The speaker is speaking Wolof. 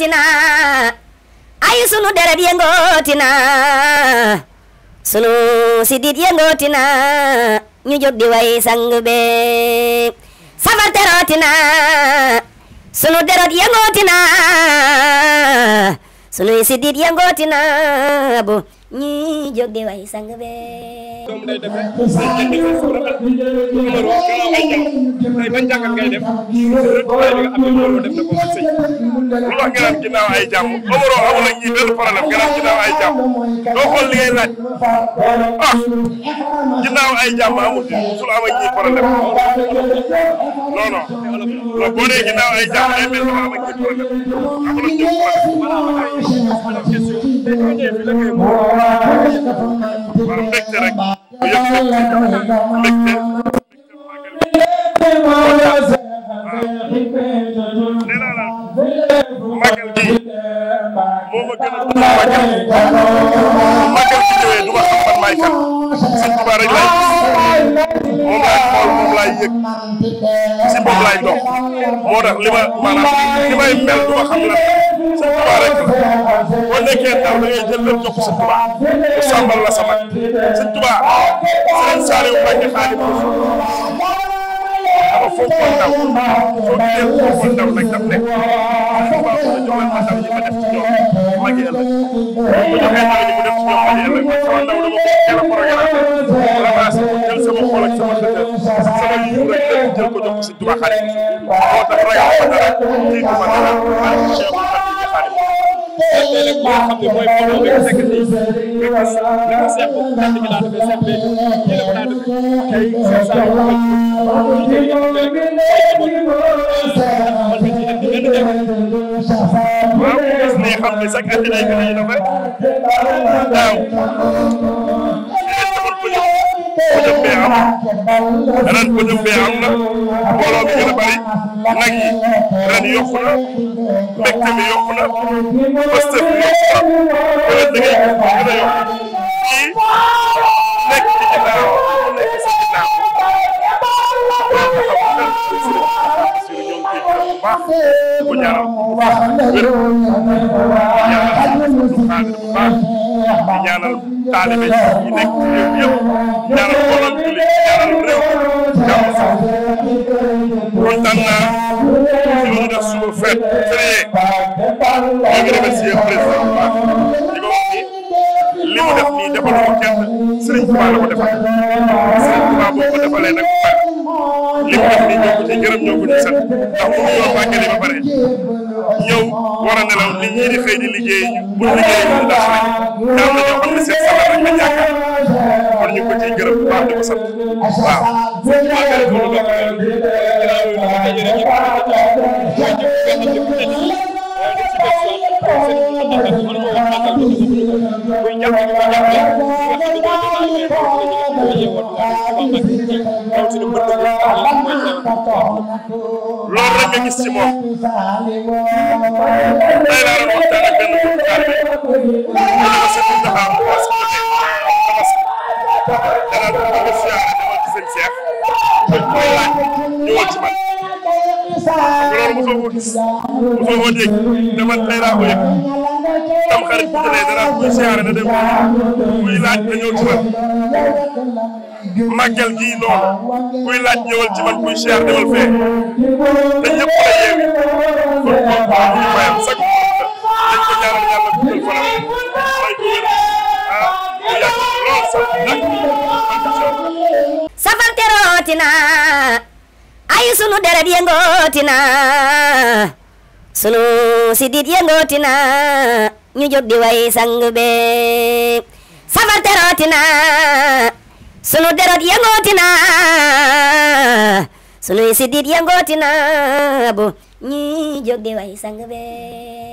yëngootina ay sunu deret yëngootina sunu sidit yëngootina ñu jóg di way sang be safar terootina sunu deret yëngootina sunuy sidit yëngootina bu ñi jóg di way sang bee. doom day defee dañ defee suuf rafet numéro gannaaw ay jàng tey ban jàngat ngay def rëdduwaay bi nga xam ne moom na ko mën sëñ bu wax gannaaw ginnaaw ay jàmm Omaro amul ak ñii benn problème gannaaw ginnaaw ay jàmm doo xool li ngay laaj ah ginnaaw ay jàmm amul ci suñu am ñii problème non non non boo ay jàmm day mel dafa am ak ñii problème si bopp laay dox moo tax li ma maanaam li may mel du ma xam la nekkee ndaw la ngay jël lépp jox ko sa Tuubaa mu sàmbal la sa mag sa Tuubaa Sëriñ Saaliw Mbàkke Xaadimu Rasuul dafa foogoon ndaw soo gisee foogoon ndaw nag daf nekk Tuubaa mu ne jox ma ndaw ñi ma def ci ñoom mag yi ëllëg bu joxee ndaw ñi mu def ci ñoom mag yi ëllëg man sama ndaw dama ko teel a programme ramassé ko jël sama xol ak sama xëtër sama yiw rek jël ko jox ko sa Tuubaa xarit moo tax ragal ma dara tiitu ma dara loolu nag moo xam ne mooy Pogba bi fekk si li ko seq bu tànn gi laa defee seq bi ñu ne ko daan def tey seen saa yu bëri ñu ngi koy def man mii ci indi benn def waaw gis ne xam ne chaque année day gën a yéene ba waaw. am ren bu jëm bee am na mbooloo bi gën a bari nag yi ren yokku na mbégte bi yokku na pëstëf bi yokku na wala dëgg gën a yokku kii nekk ci ginnaaw mu nekk ci ginnaaw baax ko ñaanal bu baax wér yàlla bu baax di ñaanal taalibe yi nekk ci réew yëpp ñaanal borom julli ñaanal réew jàmm sax kontaan naa ci lu ñu def suñu fête férié ñoo ngi remercier président bu ni li mu def nii defaloo kenn Serigne Touba la ko defal Serigne Touba boo ko defalee li mu def nii ñoo ko ci gërëm ñoo ko ci sant ndax mënu ñoo màggali ba pare ñëw war a nelaw nit ñi di xëy di liggéey bu ñu liggéey ñu dàq rek daal na ñoo xam ne seen sabar rek la jàkkaar kon ñu ko ciy gërëm bu baax di ko sant waaw màggali ko lu dox Thank you. ci lu mu bëgg a loolu rek nga gis ci moom. tey laa doon waxtaan ak benn góob gaal bi mu ne ma sëñ Mountakha mu wax si côté Tabaski danaa doon bëgg a siyaare dama ci sëñ Cheikh dañ koy laaj ñëwal ci man. loolu mosoo ko gis mosoo ko dégg dama tey laa ko yëg. tam xarit bu jëlee dara ñu siyaare da dem kuy laaj na ñëw ci man màggal gii noonu kuy laaj ñëwal ci man kuy siyaare demal fee te ñëpp la yeewi kon moom bu ñu fayam sax dañ ko ñaanal yàlla guddal fanam may ko wér ah mu yàgg lool sax nag safar sunu sidit yëngooti na ñu jóg di way sang be safar terooti na sunu derot yëngooti na sunuy sidit yëngooti na bu ñu jóg di way sang be